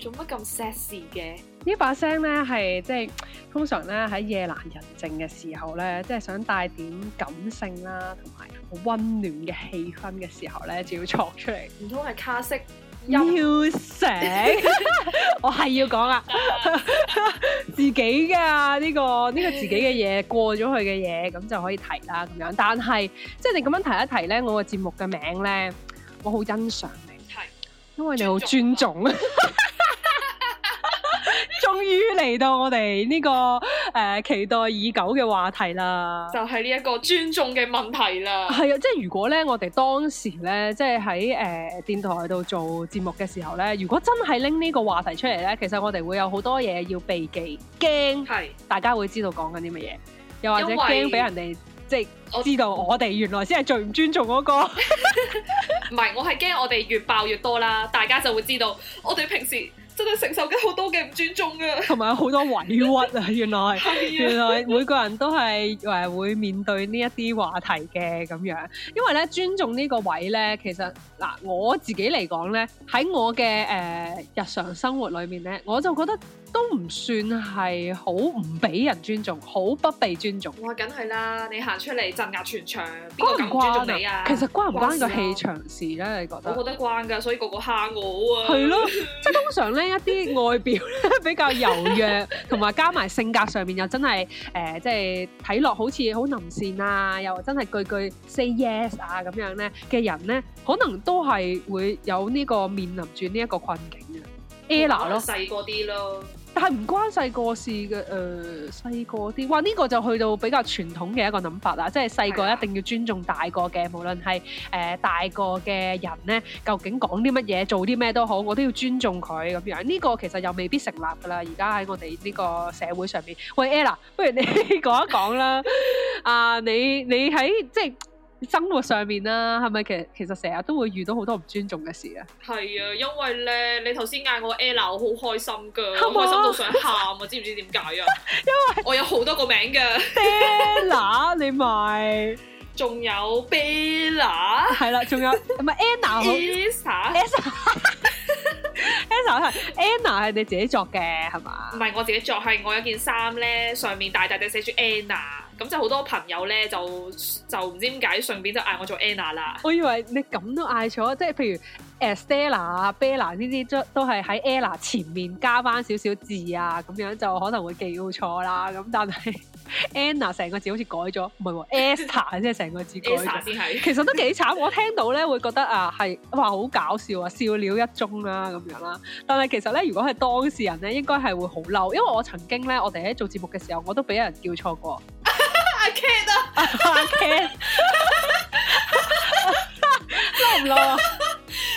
做乜咁 sexy 嘅？呢把聲咧係即係通常咧喺夜闌人靜嘅時候咧，即係想帶點感性啦，同埋好溫暖嘅氣氛嘅時候咧，就要唱出嚟。唔通係卡式 music？我係要講啊，自己噶呢個呢個自己嘅嘢，過咗佢嘅嘢，咁就可以提啦咁樣。但係即係你咁樣提一提咧，我個節目嘅名咧，我好欣賞。因為你好尊重， 終於嚟到我哋呢、呢個誒、呃、期待已久嘅話題啦，就係呢一個尊重嘅問題啦。係啊，即係如果咧，我哋當時咧，即係喺誒電台度做節目嘅時候咧，如果真係拎呢個話題出嚟咧，其實我哋會有好多嘢要避忌，驚係大家會知道講緊啲乜嘢，又或者驚俾人哋。即係我知道我， 我哋原來先係最唔尊重嗰個。唔係，我係驚我哋越爆越多啦，大家就會知道我哋平時真係承受緊好多嘅唔尊重嘅，同埋好多委屈啊！原來 是、啊、原來每個人都係誒會面對呢一啲話題嘅咁樣。因為咧尊重呢個位咧，其實嗱我自己嚟講咧，喺我嘅誒、呃、日常生活裏面咧，我就覺得。都唔算係好唔俾人尊重，好不被尊重。哇，梗係啦！你行出嚟鎮壓全場，邊個唔尊重你啊？其實關唔關個氣場事咧？你覺得？我覺得關噶，所以個個蝦我啊！係咯，即係通常咧一啲外表咧比較柔弱，同埋加埋性格上面又真係誒，即係睇落好似好腍善啊，又真係句句 say yes 啊咁樣咧嘅人咧，可能都係會有呢個面臨住呢一個困境嘅。咯 Ella 咯，細個啲咯，但係唔關細個事嘅，誒細個啲，哇呢個就去到比較傳統嘅一個諗法啦，即係細個一定要尊重大個嘅，啊、無論係誒、呃、大個嘅人咧，究竟講啲乜嘢、做啲咩都好，我都要尊重佢咁樣。呢個其實又未必成立㗎啦，而家喺我哋呢個社會上邊，喂 Ella，不如你 講一講啦，啊你你喺即係，生活上面啦，係咪其實其實成日都會遇到好多唔尊重嘅事啊？係啊，因為咧，你頭先嗌我 ella，我好開心噶，好開心都想喊啊，知唔知點解啊？因為我有好多個名噶，ella 你咪，仲有 bella，係啦，仲有唔係 anna，isa，isa，isa 係 anna 係你自己作嘅係嘛？唔係我自己作，係我有件衫咧，上面大大地寫住 anna。咁就好多朋友咧，就就唔知點解順便就嗌我做 Anna 啦。我以為你咁都嗌錯，即係譬如誒 Stella 啊、Bella 呢啲，都都係喺 Anna 前面加翻少少字啊，咁樣就可能會記錯啦。咁但係 Anna 成個字好似改咗，唔係、啊、Esther 即係成個字改咗先係。 S 先係其實都幾慘， 我聽到咧會覺得啊，係話好搞笑，笑啊，笑料一宗啦咁樣啦。但係其實咧，如果係當事人咧，應該係會好嬲，因為我曾經咧，我哋喺做節目嘅時候，我都俾人叫錯過。黐得，黐，嬲唔嬲？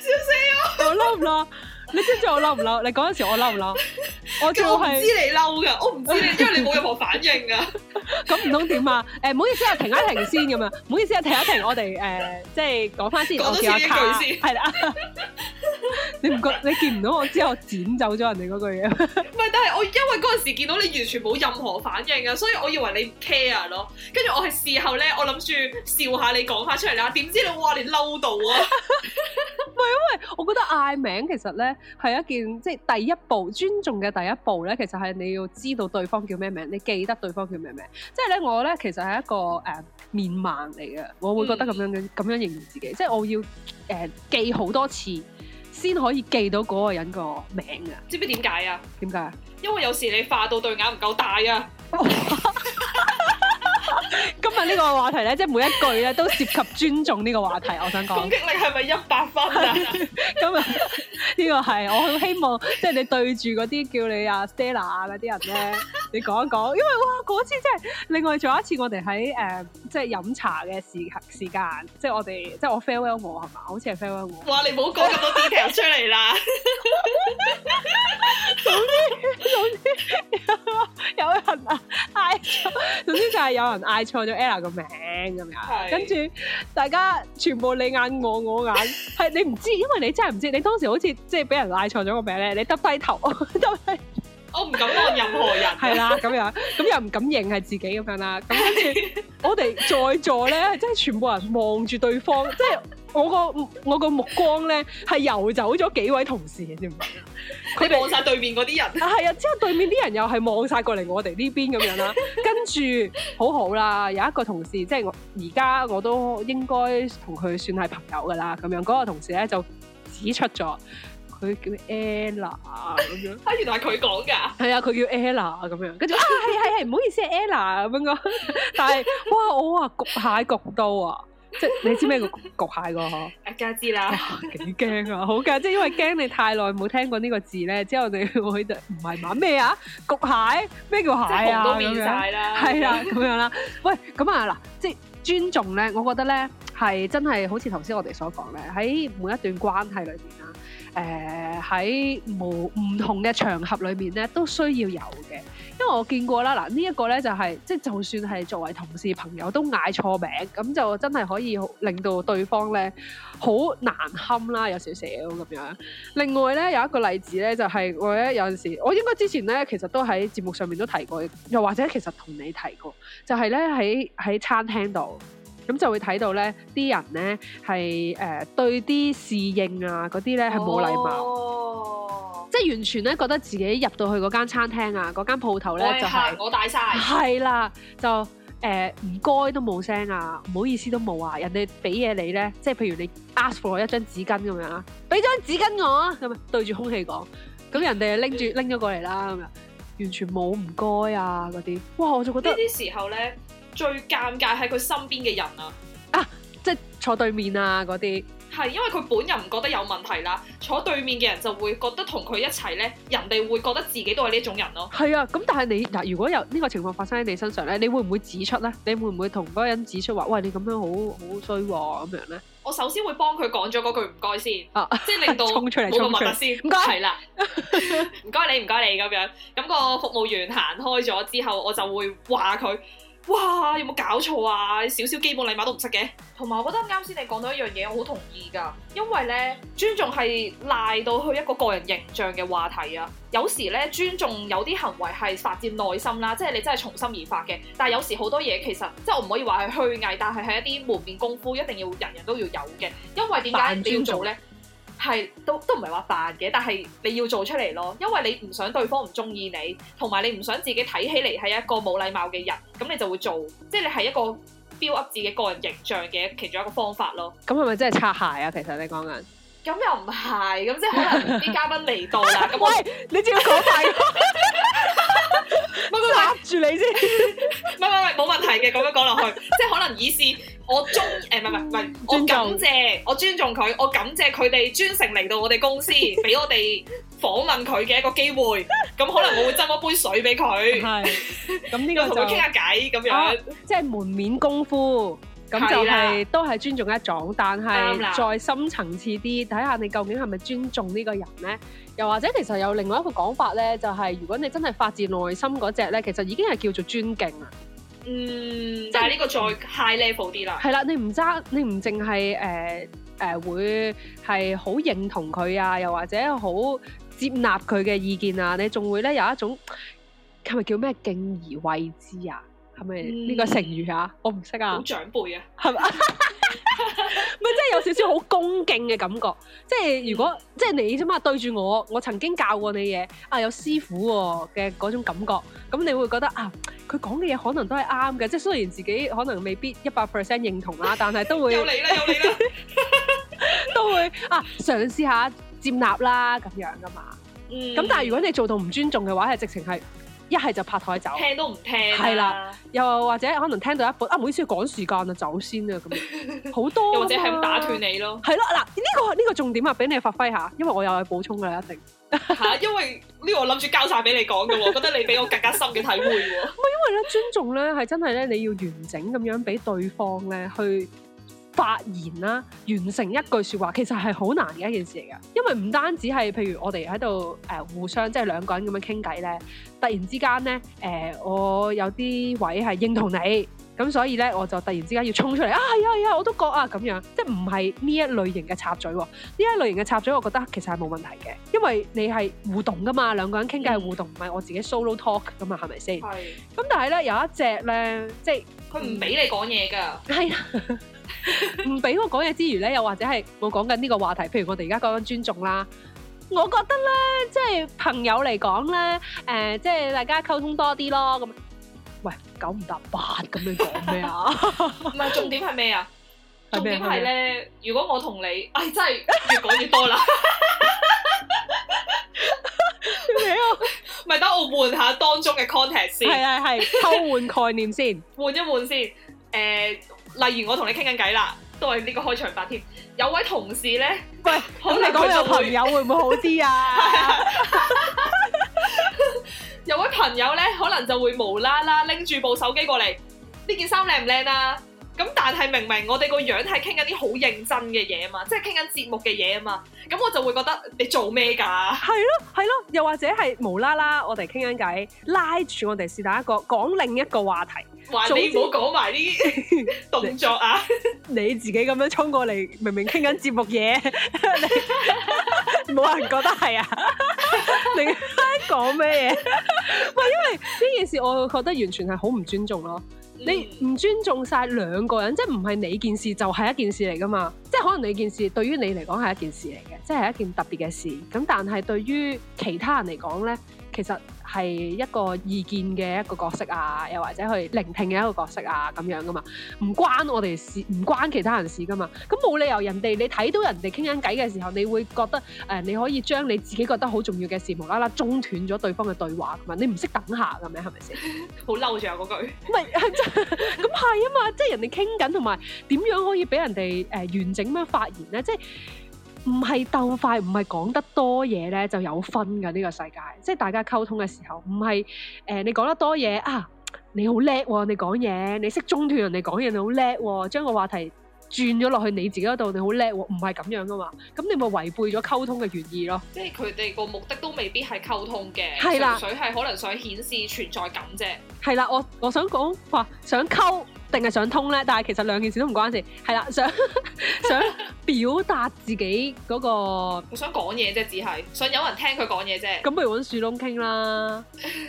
小心喎，我嬲唔嬲？你知唔知我嬲唔嬲？你嗰陣時我嬲唔嬲？我就係，我知你嬲㗎，我唔知你，因為你冇任何反應㗎。咁唔通點啊？誒，唔好意思啊，停一停先咁樣，唔好意思啊，停一停，我哋誒，即係講返先，我試下卡先，係啦。你唔覺，你見唔到我之後，知我剪走咗人哋嗰句嘢。唔 係，但係我因為嗰陣時見到你完全冇任何反應啊，所以我以為你 care 咯。跟住我係事後咧，我諗住笑下你講下出嚟啦。點知你哇，你嬲到啊！唔係， 因為我覺得嗌名其實咧係一件即係、就是、第一步尊重嘅第一步咧，其實係你要知道對方叫咩名，你記得對方叫咩名。即係咧，我咧其實係一個誒、呃、面盲嚟嘅，我會覺得咁樣咁、嗯、樣形容自己。即、就、係、是、我要誒、呃、記好多次。先可以記到嗰個人個名啊！知唔知點解啊？點解？因為有時你化到對眼唔夠大啊！ 今日呢個話題咧，即係每一句咧都涉及尊重呢個話題。我想講攻擊力係咪一百分啊？ 今日呢、呢個係我好希望，即係你對住嗰啲叫你啊 Stella 啊嗰啲人咧，你講一講，因為哇嗰次即係，另外仲有一次我哋喺誒即係飲茶嘅時時間，即係我哋即係我 farewell 我係嘛？好似係 farewell 我。哇！你唔好講咁多 detail 出嚟啦。 早啲！早啲！有有人啊，係。就係有人嗌錯咗 Ella 個名咁樣，跟住大家全部你眼我我眼，係你唔知，因為你真係唔知，你當時好似即係俾人嗌錯咗個名咧，你耷低頭，就係，我唔敢望任何人，係啦咁樣，咁又唔敢認係自己咁樣啦，咁跟住我哋在座咧，真係全部人望住對方，即係我個我個目光咧係游走咗幾位同事嘅，知唔知啊？佢望晒對面嗰啲人， 係 啊，啊，之後對面啲人又係望晒過嚟我哋呢邊咁樣啦。 跟住好好啦，有一個同事，即係我而家我都應該同佢算係朋友噶啦。咁樣嗰、嗰個同事咧就指出咗，佢叫 Ella 咁樣。 啊，原來佢講噶，係啊，佢、 啊、叫 Ella 咁樣。跟住 啊，係係係，唔好意思，Ella 咁樣。但係哇，我話焗蟹焗到啊！即係你知咩叫焗蟹個嗬？梗係知啦，幾驚啊！好嘅，即係 因為驚你太耐冇聽過呢個字咧，之後你會喺度唔係嘛咩啊？焗蟹咩叫蟹啊？都變晒啦，係啦，咁樣啦、啊。喂，咁啊嗱，即係、就是、尊重咧，我覺得咧。係真係好似頭先我哋所講咧，喺每一段關係裏面啦，誒、呃、喺無唔同嘅場合裏面咧都需要有嘅，因為我見過啦嗱，這個、呢一個咧就係即係就算係作為同事朋友都嗌錯名，咁就真係可以令到對方咧好難堪啦，有少少咁樣。另外咧有一個例子咧就係我咧有陣時，我應該之前咧其實都喺節目上面都提過，又或者其實同你提過，就係咧喺喺餐廳度。咁就會睇到咧，啲人咧係誒對啲侍應啊嗰啲咧係冇禮貌，即係完全咧覺得自己入到去嗰間餐廳啊嗰間鋪頭咧就係我大曬，係啦，就誒唔該都冇聲啊，唔好意思都冇啊，人哋俾嘢你咧，即係譬如你 ask for 我一張紙巾咁樣啊，俾張紙巾我咁對住空氣講，咁人哋拎住拎咗過嚟啦，咁樣完全冇唔該啊嗰啲，哇！我就覺得呢啲時候咧。最尷尬係佢身邊嘅人啊！啊，即係坐對面啊嗰啲。係因為佢本人唔覺得有問題啦，坐對面嘅人就會覺得同佢一齊咧，人哋會覺得自己都係呢種人咯。係啊，咁但係你嗱，如果有呢個情況發生喺你身上咧，你會唔會指出咧？你會唔會同嗰個人指出話，喂，你咁樣好好衰喎，咁、啊、樣咧？我首先會幫佢講咗嗰句唔該先，啊、即係令到冇咁邋遢先。唔該係啦，唔該你，唔該了 你咁樣。咁、個服務員行開咗之後，我就會話佢。哇！有冇搞錯啊？少少基本禮貌都唔識嘅，同埋我覺得啱先你講到一樣嘢，我好同意㗎。因為咧，尊重係賴到去一個個人形象嘅話題啊。有時咧，尊重有啲行為係發自內心啦，即係你真係從心而發嘅。但係有時好多嘢其實即係我唔可以話係虛偽，但係係一啲門面功夫，一定要人人都要有嘅。因為點解你要做咧？係都都唔係話煩嘅，但係你要做出嚟咯，因為你唔想對方唔中意你，同埋你唔想自己睇起嚟係一個冇禮貌嘅人，咁你就會做，即係你係一個 build up 自己個人形象嘅其中一個方法咯。咁係咪真係擦鞋啊？其實你講緊，咁又唔係，咁即係可能啲嘉賓嚟到啦。唔 我，你仲要講大。 咪咪，攔住你先，咪唔係，唔係冇問題嘅，咁樣講落去，即係可能以示，我中誒唔係唔係，我感謝，我尊重佢，我感謝佢哋專程嚟到我哋公司，俾我哋訪問佢嘅一個機會，咁可能我會斟一杯水俾佢，係，咁呢個同佢傾下偈，咁樣，即係門面功夫，咁就係都係尊重一種，但係再深層次啲，睇下你究竟係咪尊重呢個人咧？又或者其實有另外一個講法咧，就係、是、如果你真係發自內心嗰隻咧，其實已經係叫做尊敬啦。嗯，但係呢個再 high level 啲啦。係啦、嗯，你唔爭，你唔淨係誒誒會係好認同佢啊，又或者好接納佢嘅意見啊，你仲會咧有一種係咪叫咩敬而畏之啊？係咪呢個成語、嗯、啊？我唔識啊。好長輩啊，係 嘛？咪即係有少少好恭敬嘅感覺，即係如果、嗯、即係你啫嘛，對住我，我曾經教過你嘢啊，有師傅嘅、哦、嗰種感覺，咁你會覺得啊，佢講嘅嘢可能都係啱嘅，即係雖然自己可能未必一百 percent 認同啦，但係都會有你啦，有你啦，都會啊，嘗試下接納啦，咁樣噶嘛。咁、嗯、但係如果你做到唔尊重嘅話，係直情係。一係就拍台走，聽都唔聽，係啦，又或者可能聽到一半，啊，唔好意思，趕時間啊，走先啊，咁好多，又或者係咁打斷你咯，係咯，嗱，呢個呢個重點啊，俾你發揮下，因為我又有嘢補充噶啦，一定吓，因為呢個我諗住交晒俾你講噶，我覺得你比我更加深嘅體會嘅，唔係因為咧尊重咧係真係咧你要完整咁樣俾對方咧去，發言啦，完成一句説話，其實係好難嘅一件事嚟嘅，因為唔單止係譬如我哋喺度誒互相即係兩個人咁樣傾偈咧，突然之間咧誒我有啲位係認同你，咁所以咧我就突然之間要衝出嚟啊，係啊係啊我都覺啊，咁樣，即係唔係呢一類型嘅插嘴喎？呢一類型嘅插嘴，插嘴我覺得其實係冇問題嘅，因為你係互動噶嘛，兩、嗯、個人傾偈係互動，唔係我自己 solo talk 噶嘛，係咪先？係 version twice,。咁但係咧有一隻咧，即係佢唔俾你講嘢㗎。係。 t ina 唔俾我講嘢之餘咧，又或者係我講緊呢個話題，譬如我哋而家講緊尊重啦。我覺得咧，即係朋友嚟講咧，誒，即係大家溝通多啲咯。咁，喂，九唔搭八咁樣講咩啊？唔係重點係咩啊？重點係咧，如果我同你，唉，真係越講越多啦。咩啊？咪等我換下當中嘅 contact 先，係係係，偷換概念先，換一換先，誒。例如我同你傾緊偈啦，都係呢個開場白添。有位同事呢，喂，好可能 你，你講有朋友會唔會好啲啊？有位朋友呢，可能就會無啦啦拎住部手機過嚟，呢 件衫靚唔靚啊？咁但係明明我哋個樣係傾緊啲好認真嘅嘢啊嘛，即係傾緊節目嘅嘢啊嘛，咁我就會覺得你做咩噶？係咯、嗯，係咯，又或者係無啦啦，我哋傾緊偈，拉住我哋是但一個講另一個話題，你唔好講埋啲動作啊！ 你自己咁樣衝過嚟，明明傾緊節目嘢，冇 你 人覺得係啊？ 你講咩？嘢？係因為呢件事，我會覺得完全係好唔尊重咯。你唔尊重曬兩個人，即係唔係你件事就係，是，一件事嚟㗎嘛。即可能你件事對於你嚟講係一件事嚟嘅，即係一件特別嘅事。咁但係對於其他人嚟講呢，其實係一個意見嘅一個角色啊，又或者去聆聽嘅一個角色啊，咁樣噶嘛，唔關我哋事，唔關其他人事噶嘛。咁冇理由人哋你睇到人哋傾緊偈嘅時候，你會覺得誒，你可以將你自己覺得好重要嘅事無啦啦中斷咗對方嘅對話，咁啊，你唔識等下咁樣，係咪先？好嬲住我嗰句。唔係，咁係啊嘛，即係人哋傾緊，同埋點樣可以俾人哋誒完整咁樣發言咧？即係。唔係鬥快，唔係講得多嘢咧就有分嘅呢個世界。即係大家溝通嘅時候，唔係誒你講得多嘢啊，你好叻喎！你講嘢，你識中斷人哋講嘢，你好叻喎！將個話題轉咗落去你自己嗰度，你好叻喎！唔係咁樣噶嘛，咁你咪違背咗溝通嘅原意咯。即係佢哋個目的都未必係溝通嘅，純粹係可能想顯示存在感啫。係啦，我我想講話想溝，定係想通咧，但係其實兩件事都唔關事，係啦，想 想表達自己嗰、那個，我想講嘢啫，只係想有人聽佢講嘢啫。咁不如揾樹窿傾啦，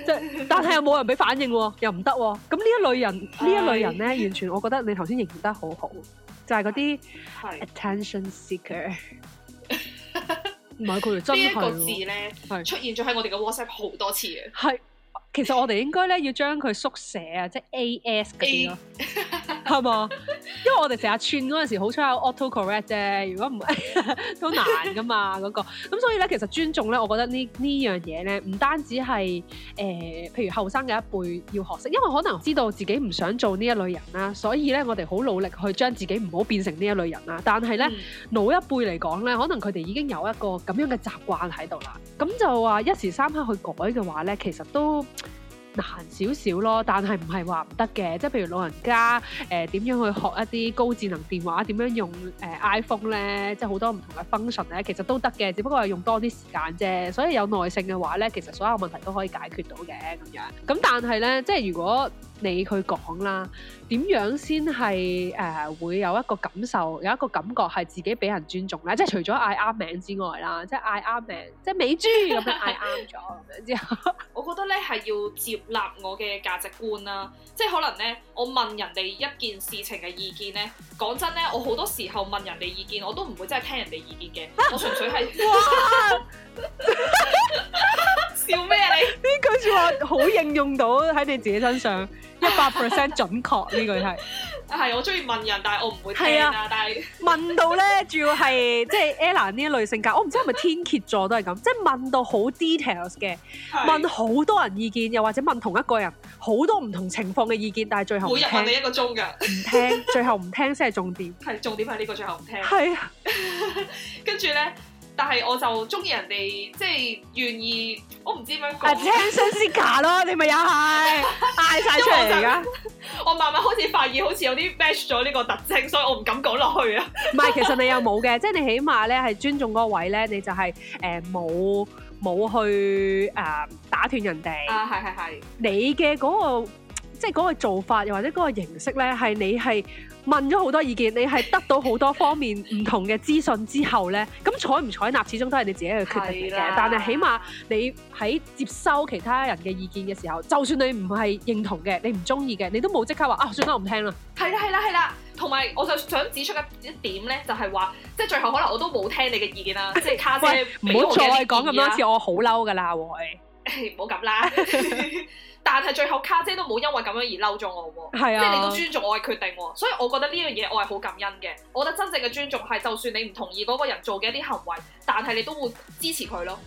即係、 就是，但係又冇人俾反應喎、啊，又唔得喎。咁呢一類人，呢是一類人咧，完全我覺得你頭先形容得好好，就係嗰啲 attention seeker，唔係佢哋真係呢個字咧是出現咗喺我哋嘅 WhatsApp 好多次嘅。係。其實我哋應該咧要將佢縮寫啊，即係 A.S. 咁樣咯，係嘛 A. 吧？ 因為我哋成日串嗰陣時好彩有 autocorrect 啫。如果唔係 都難噶嘛嗰、那個。咁所以咧，其實尊重咧，我覺得呢呢樣嘢咧，唔單止係誒、呃，譬如後生嘅一輩要學識，因為可能知道自己唔想做呢一類人啦，所以咧我哋好努力去將自己唔好變成呢一類人啦。但係咧，嗯、老一輩嚟講咧，可能佢哋已經有一個咁樣嘅習慣喺度啦。咁就話一時三刻去改嘅話咧，其實都～難少少咯，但係唔係話唔得嘅，即係譬如老人家誒點樣去學一啲高智能電話，點樣用誒 iPhone 咧，即係好多唔同嘅 function 咧，其實都得嘅，只不過係用多啲時間啫。所以有耐性嘅話咧，其實所有問題都可以解決到嘅咁樣。咁但係咧，即係如果。你去講啦，點樣先係誒會有一個感受，有一個感覺係自己俾人尊重咧？即係除咗嗌啱名之外啦，即係嗌啱名，即係美豬咁樣嗌啱咗咁樣之後，我覺得咧係要接納我嘅價值觀啦。即係可能咧，我問人哋一件事情嘅意見咧，講真咧，我好多時候問人哋意見，我都唔會真係聽人哋意見嘅，我純粹係哇笑咩 啊你？你你呢句說話好應用到喺你自己身上。一百 percent 準確呢句係，係 我中意問人，但係我唔會聽啊。啊但係是問到咧， 主要係即係 Ellen 呢一類性格，我唔知係咪天蠍座都係咁， 即係問到好 details 嘅，是問好多人意見，又或者問同一個人好多唔同情況嘅意見，但係最後唔聽，每日問你一個鐘㗎，唔聽，最後唔聽先係重點。係 重點係呢個最後唔聽，係啊， 跟住咧。但係我就中意人哋即係願意，我唔知點樣講。啊，Tension seeker 咯，你咪又係嗌晒出嚟㗎！我慢慢開始發現，好似有啲 match 咗呢個特徵，所以我唔敢講落去啊。唔係，其實你又冇嘅，即係你起碼咧係尊重嗰個位咧，你就係誒冇冇去誒打斷人哋。啊，係係係。你嘅嗰個即係嗰個做法，又或者嗰個形式咧，係你係。問咗好多意見，你係得到好多方面唔同嘅資訊之後咧，咁採唔採納，始終都係你自己嘅決定嘅。的但係起碼你喺接收其他人嘅意見嘅時候，就算你唔係認同嘅，你唔中意嘅，你都冇即刻話啊，算啦，我唔聽啦。係啦，係啦，係啦。同埋，我就想指出一一點咧，就係話，即係最後可能我都冇聽你嘅意見啦。即係卡姐唔好再講咁多次，我好嬲噶啦，唔好噉啦。 但係最後卡姐都冇因為咁樣而嬲咗我喎，係啊、即係你都尊重我嘅決定，所以我覺得呢樣嘢我係好感恩嘅。我覺得真正嘅尊重係就算你唔同意嗰個人做嘅一啲行為，但係你都會支持佢咯。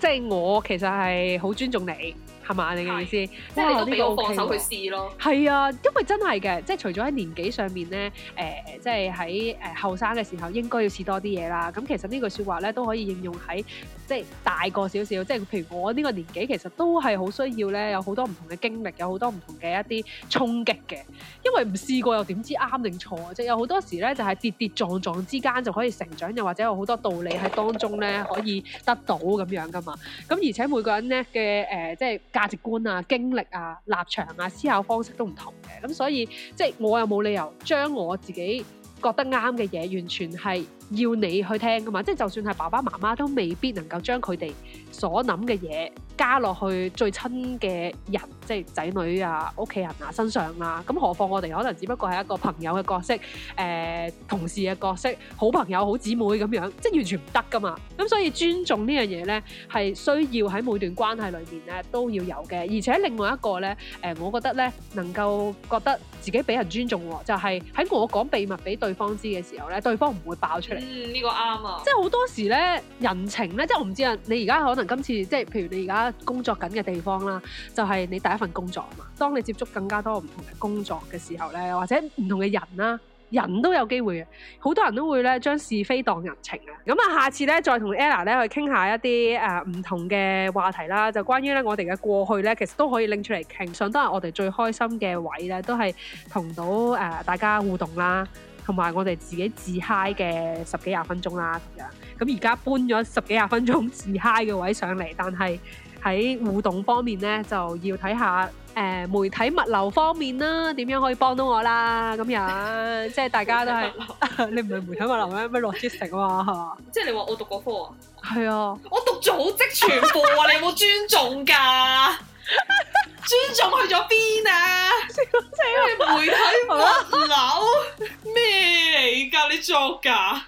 即係我其實係好尊重你。係嘛？你嘅意思即係都俾我放手去試咯。係、這個、啊，因為真係嘅，即係除咗喺年紀上面咧，誒、呃，即係喺誒後生嘅時候應該要試多啲嘢啦。咁、嗯、其實句呢句説話咧都可以應用喺即係大個少少，即係譬如我呢個年紀其實都係好需要咧，有好多唔同嘅經歷，有好多唔同嘅一啲衝擊嘅。因為唔試過又點知啱定錯。即係有好多時咧，就係、是、跌跌撞撞之間就可以成長，又或者有好多道理喺當中咧可以得到咁樣㗎嘛。咁、嗯、而且每個人咧嘅誒，即係。價值觀啊、經歷啊、立場啊、思考方式都唔同嘅，咁所以即係我又冇理由將我自己覺得啱嘅嘢完全係。要你去聽噶嘛，即係就算係爸爸媽媽都未必能夠將佢哋所諗嘅嘢加落去最親嘅人，即係仔女啊、屋企人啊身上啦。咁何況我哋可能只不過係一個朋友嘅角色、誒同事嘅角色、好朋友、好姊妹咁樣，即係完全唔得噶嘛。咁所以尊重呢樣嘢咧，係需要喺每段關係裏邊咧都要有嘅。而且另外一個咧，誒我覺得咧能夠覺得自己俾人尊重，就係喺我講秘密俾對方知嘅時候咧，對方唔會爆出嚟。嗯，呢個啱啊！即係好多時咧，人情咧，即係我唔知啊。你而家可能今次即係，譬如你而家工作緊嘅地方啦，就係你第一份工作啊嘛。當你接觸更加多唔同嘅工作嘅時候咧，或者唔同嘅人啦，人都有機會嘅。好多人都會咧將是非當人情啊。咁啊，下次咧再同 Ella 咧去傾下一啲誒唔同嘅話題啦，就關於咧我哋嘅過去咧，其實都可以拎出嚟傾。上都係我哋最開心嘅位咧，都係同到誒、呃、大家互動啦。同埋我哋自己自嗨嘅十幾廿分鐘啦，咁樣咁而家搬咗十幾廿分鐘自嗨嘅位上嚟，但係喺互動方面咧，就要睇下誒、呃、媒體物流方面啦，點樣可以幫到我啦？咁樣 即係大家都係 你唔係媒體物流咩？咩 logistic 啊嘛，係嘛？即係你話我讀嗰科啊？係啊，我讀組織傳播啊？ 你有冇尊重噶？ 尊重去咗邊啊？你 媒體抹樓咩嚟㗎？你作㗎？